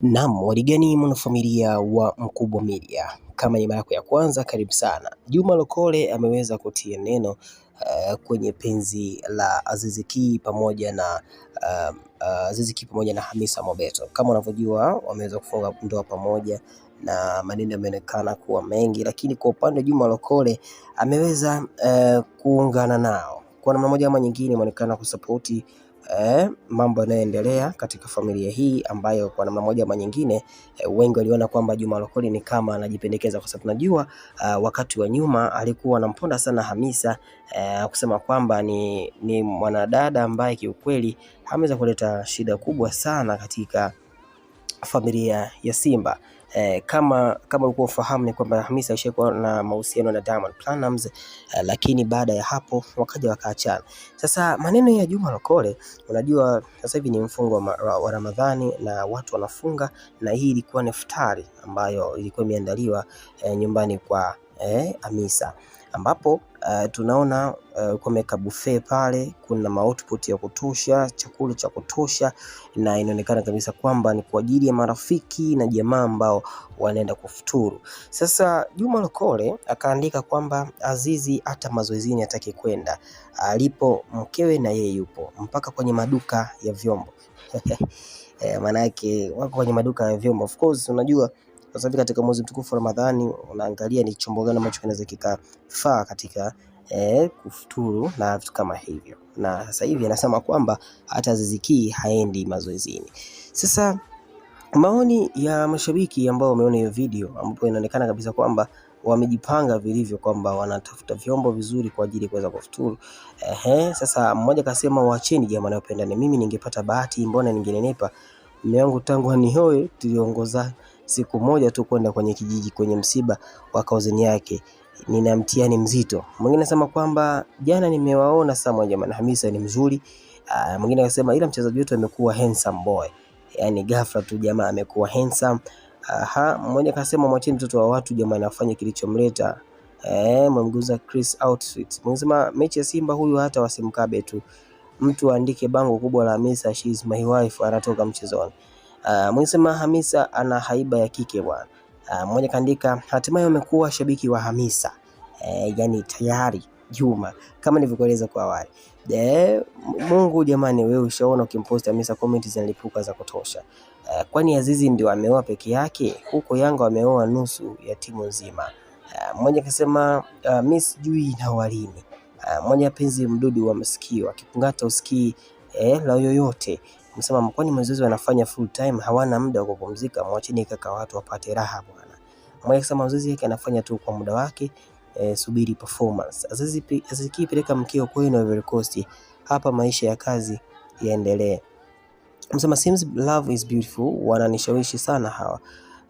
Naam, warigani mwanafamilia wa Mkubwa Media, kama ni mara yako ya kwanza, karibu sana. Juma Lokole ameweza kutia neno uh, kwenye penzi la Aziziki pamoja na uh, eh, uh, eh, Aziziki pamoja na Hamisa Mobeto. Kama unavyojua wameweza kufunga ndoa pamoja na maneno yameonekana kuwa mengi, lakini kwa upande wa Juma Lokole ameweza uh, kuungana nao kwa namna moja ama nyingine, ameonekana kusapoti eh, mambo yanayoendelea katika familia hii ambayo kwa namna moja ama nyingine eh, wengi waliona kwamba Juma Lokole ni kama anajipendekeza, kwa sababu tunajua uh, wakati wa nyuma alikuwa anamponda sana Hamisa eh, kusema kwamba ni, ni mwanadada ambaye kiukweli ameweza kuleta shida kubwa sana katika familia ya Simba eh, kama kama ulikuwa ufahamu ni kwamba Hamisa alishakuwa na mahusiano na Diamond Platnumz eh, lakini baada ya hapo wakaja wakaachana. Sasa maneno ya Juma Lokole, unajua sasa hivi ni mfungo wa, wa Ramadhani na watu wanafunga, na hii ilikuwa ni ambayo ilikuwa imeandaliwa eh, nyumbani kwa eh, Amisa ambapo uh, tunaona uh, eh, kumeka buffet pale, kuna output ya kutosha, chakula cha kutosha, na inaonekana kabisa kwamba ni kwa ajili ya marafiki na jamaa ambao wanaenda kufuturu. Sasa Juma Lokole akaandika kwamba Azizi hata mazoezini hataki kwenda, alipo mkewe na yeye yupo mpaka kwenye maduka ya vyombo eh, maanake wako kwenye maduka ya vyombo of course, unajua sasa hivi katika mwezi mtukufu wa Ramadhani, unaangalia ni chombo gani ambacho kinaweza kikafaa katika eh, kufuturu na vitu kama hivyo. Na sasa hivi anasema kwamba hata zizikii haendi mazoezini. Sasa maoni ya mashabiki ambao wameona hiyo video, ambapo inaonekana kabisa kwamba wamejipanga vilivyo, kwamba wanatafuta vyombo vizuri kwa ajili ya kuweza kufuturu. Ehe, sasa mmoja kasema, waacheni jamani, wapendane. Mimi ningepata bahati, mbona ningenenepa? Mume wangu tangu anihoe, tuliongoza siku moja tu kwenda kwenye kijiji kwenye msiba wa kauzeni yake, nina mtihani mzito. Mwingine anasema kwamba jana nimewaona Samuel jamani, Hamisa ni mzuri. Ah, mwingine akasema ila mchezaji wetu amekuwa handsome boy, yani ghafla tu jamaa amekuwa handsome. Aha, mmoja akasema mwacheni mtoto wa watu jamani, afanye kilichomleta. Eh, mwamguza Chris outfit. Mwingine anasema mechi ya Simba huyu hata wasimkabe tu mtu aandike bango kubwa la Hamisa she is my wife anatoka mchezoni. Uh, ah, mwisema Hamisa ana haiba ya kike bwana. Uh, mmoja kaandika hatimaye umekuwa shabiki wa Hamisa. Eh, yani tayari Juma kama nilivyokueleza kwa awali. De, eh, Mungu jamani, wewe ushaona ukimpost Hamisa comment zinalipuka za kutosha. Uh, kwani Azizi ndio ameoa peke yake? Huko Yanga wameoa nusu ya timu nzima. Uh, mmoja akasema uh, miss jui na walini Ah, mwenye penzi mdudu wa masikio akipungata usikii eh, la yoyote msema mkoani mazoezi wanafanya full time, hawana muda wa kupumzika, mwacheni kaka watu wapate raha bwana. Mmoja akasema mazoezi yake anafanya tu kwa muda wake e, subiri performance. Azizi Aziziki peleka mkeo kwenu Ivory Coast, hapa maisha ya kazi yaendelee. Msema seems love is beautiful, wananishawishi sana hawa.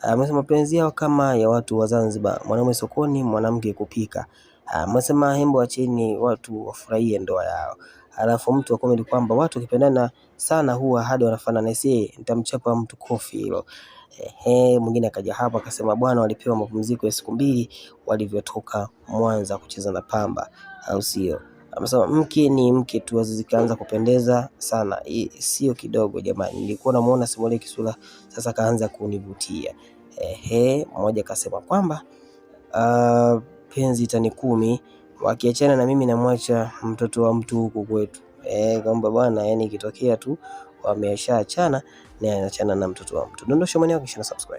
Amesema ah, mapenzi yao kama ya watu wa Zanzibar, mwanaume sokoni, mwanamke kupika amesema ah, hembo acheni watu wafurahie ndoa yao. Alafu mtu ni kwamba watu wakipendana sana huwa hadi wanafanana, sie nitamchapa mtu kofi hilo. Ehe, mwingine akaja hapo akasema bwana, walipewa mapumziko ya siku mbili walivyotoka Mwanza kucheza na Pamba, au sio? Amesema mke ni mke tu, zikaanza kupendeza sana, sio kidogo jamani, nilikuwa namuona Simoni Kisula, sasa kaanza kunivutia. Ehe, mmoja akasema kwamba uh, mapenzi tani kumi, wakiachana na mimi namwacha mtoto wa mtu huku kwetu. Eh, kwamba bwana yani ikitokea tu wameshaachana na anaachana na mtoto wa mtu. Dondosha maoni yako kisha subscribe.